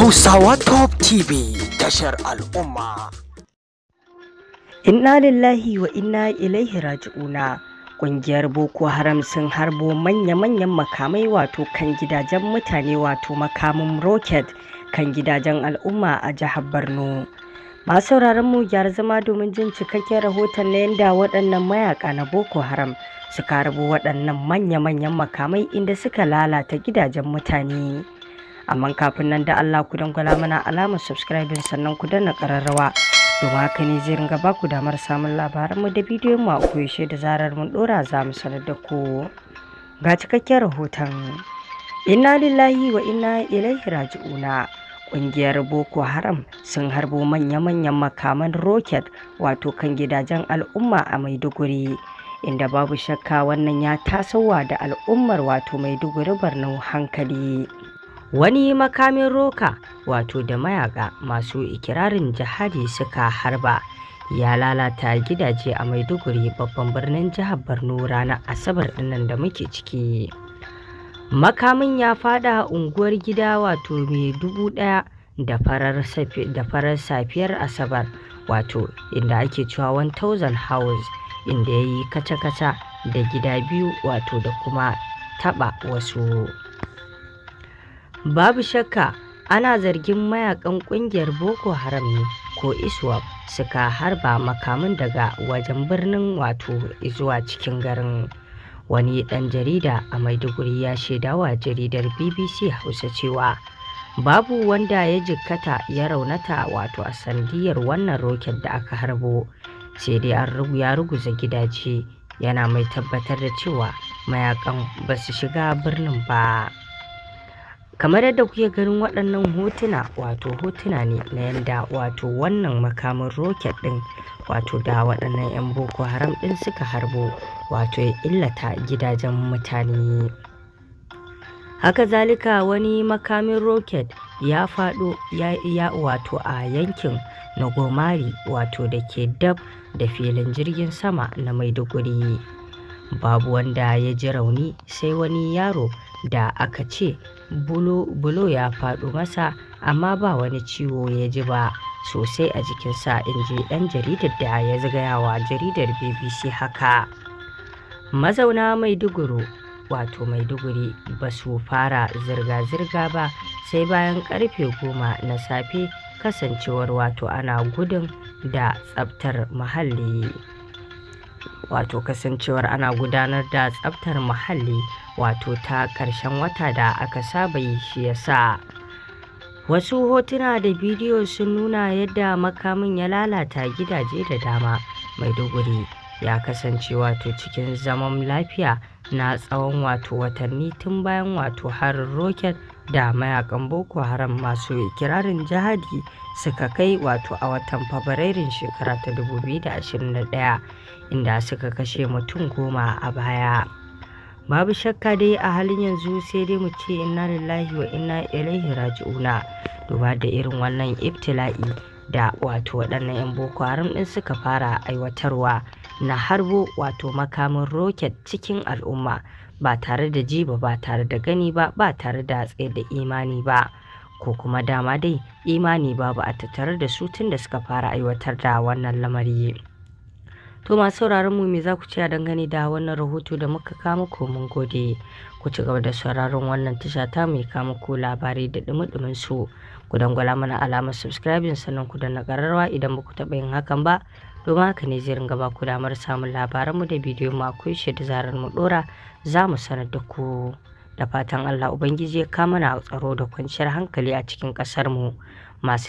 Hausawa Top TV tashar al'umma. Inna lillahi wa inna ilaihi raji'una ƙungiyar Boko Haram sun harbo manya-manyan makamai wato kan gidajen mutane wato makamin roket kan gidajen al'umma a jihar Borno. Masu mu gyar zama domin jin cikakken rahoton na yadda waɗannan mayaka na Boko Haram suka harbo waɗannan manya-manyan makamai inda suka lalata gidajen mutane. amma kafin nan da Allah ku dangwala mana alamar subscribe sannan ku danna ƙararrawa domin haka ne zai ringa ba ku damar samun labaran mu da bidiyon mu a koyaushe da zarar mun ɗora za mu sanar da ku ga cikakken rahoton inna lillahi wa inna ilaihi raji'una Ƙungiyar Boko Haram sun harbo manya-manyan makaman roket wato kan gidajen al'umma a Maiduguri. Inda babu shakka wannan ya tasowa da al'ummar wato Maiduguri barnau hankali. wani makamin roka wato da mayaka masu ikirarin jihadi suka harba ya lalata gidaje a maiduguri babban birnin jihar borno ranar asabar dinnan da muke ciki makamin ya fada unguwar gida wato mai dubu daya da farar safiyar asabar wato inda ake cewa 1000 house inda ya yi kaca-kaca da gida biyu wato da kuma taba wasu Babu shakka ana zargin mayakan ƙungiyar Boko Haram ne ko ISWAP suka harba makamin daga wajen birnin wato zuwa cikin garin. Wani ɗan jarida a Maiduguri ya shaidawa jaridar BBC Hausa cewa babu wanda ya jikkata ya raunata wato a sandiyar wannan roket da aka harbo sai dai an ya ruguza gidaje yana mai tabbatar da cewa mayakan ba su shiga birnin ba. kamar yadda kuke ganin waɗannan hotuna wato hotuna ne na yanda wato wannan makamin roket ɗin wato da waɗannan 'yan boko haram ɗin suka harbo wato ya illata gidajen mutane haka zalika wani makamin roket ya faɗo ya wato a yankin na gomari wato da ke dab da filin jirgin sama na maiduguri babu wanda ya ji rauni sai wani yaro da aka ce bulo ya faɗo masa amma ba wani ciwo ya ji ba sosai a jikinsa in ji ɗan jaridar da ya zagayawa jaridar bbc haka mazauna maiduguri wato maiduguri ba su fara zirga-zirga ba sai bayan karfe goma na safe kasancewar wato ana gudun da tsabtar muhalli wato kasancewar ana gudanar da tsabtar muhalli wato ta ƙarshen wata da aka saba yi shi yasa wasu hotuna da bidiyo sun nuna yadda makamin ya lalata gidaje da dama maiduguri ya kasance wato cikin zaman lafiya na tsawon wato watanni tun bayan wato harin roket da mayakan boko haram masu ikirarin jihadi suka kai wato a watan fabrairun shekara ta 2021 inda suka kashe mutum goma a baya babu shakka dai a halin yanzu sai dai mu ce inna lillahi wa inna ilaihi raji'una duba da irin wannan ibtila'i da wato waɗannan 'yan boko haram ɗin suka fara aiwatarwa na harbo wato makamin roket cikin al'umma ba tare da jiba ba tare da gani ba ba tare da tsaye da imani ba ko kuma dama dai imani babu a tattare da su tun da suka fara aiwatar da wannan lamari To masu sauraron mu me za ku ce a dangane da wannan rahoto da muka kama ko mun gode. Ku ci gaba da sauraron wannan tasha ta mai kama ko labarai da dumudumin su. Ku dangwala mana alamar subscribing sannan ku danna ƙararrawa idan ba ku taɓa yin hakan ba. Domin haka ne zai ringa ba ku damar samun labaran mu da bidiyo mu akwai shi da zarar mu dora za mu sanar da ku. Da fatan Allah Ubangiji ya kama na tsaro da kwanciyar hankali a cikin ƙasar mu. Masu